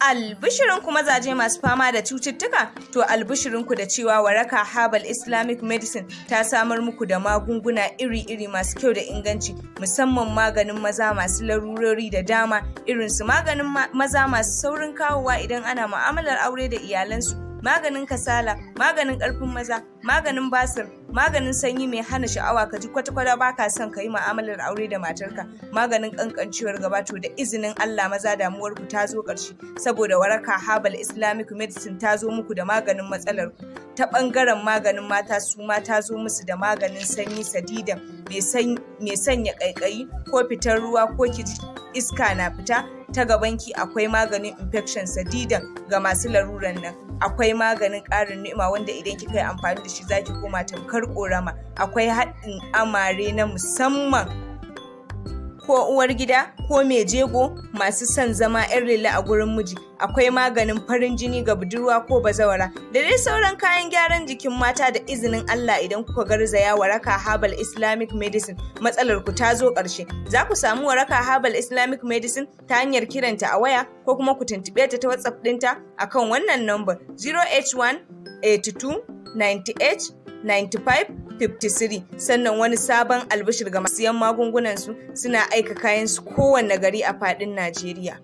albishirinku mazaje masu fama da cututtuka to ku da cewa waraka Habal islamic medicine ta samar muku da magunguna iri-iri masu kyau da inganci musamman maganin maza masu larurori da dama irin su maganin maza masu saurin kawowa idan ana mu'amalar aure da iyalansu maganin kasala, maganin ƙarfin maza, maganin basir, maganin sanyi mai hana sha'awa ka ji kwata-kwata ba ka son ka yi ma'amalar aure da matarka, maganin ƙanƙancewar gaba to da izinin Allah maza damuwar ku ta zo ƙarshe saboda waraka Herbal Islamic Medicine ta zo muku da maganin matsalar Ta ɓangaren maganin mata su ma ta zo musu da maganin sanyi sadida mai sanya ƙaiƙayi ko fitar ruwa ko ki iska na fita ta gabanki akwai maganin infection sadidan ga masu laruran nan akwai maganin ƙarin ni'ima wanda idan kika yi amfani da shi zaki koma tamkar ƙorama akwai haɗin amare na musamman ko uwar gida ko mai jego masu son zama 'yan lilla a gurin miji akwai maganin farin jini ga budurwa ko bazawara da dai sauran kayan gyaran jikin mata da izinin Allah idan kuka garzaya waraka Habal islamic medicine matsalar ku ta zo ƙarshe za ku samu waraka herbal islamic medicine ta hanyar kiranta a waya ko kuma ku tuntuɓe ta ta whatsapp ɗinta akan wannan number 081 82 98 95 53 sannan wani sabon albishir ga masu magungunan su suna aika kayan su kowanne gari a faɗin Najeriya.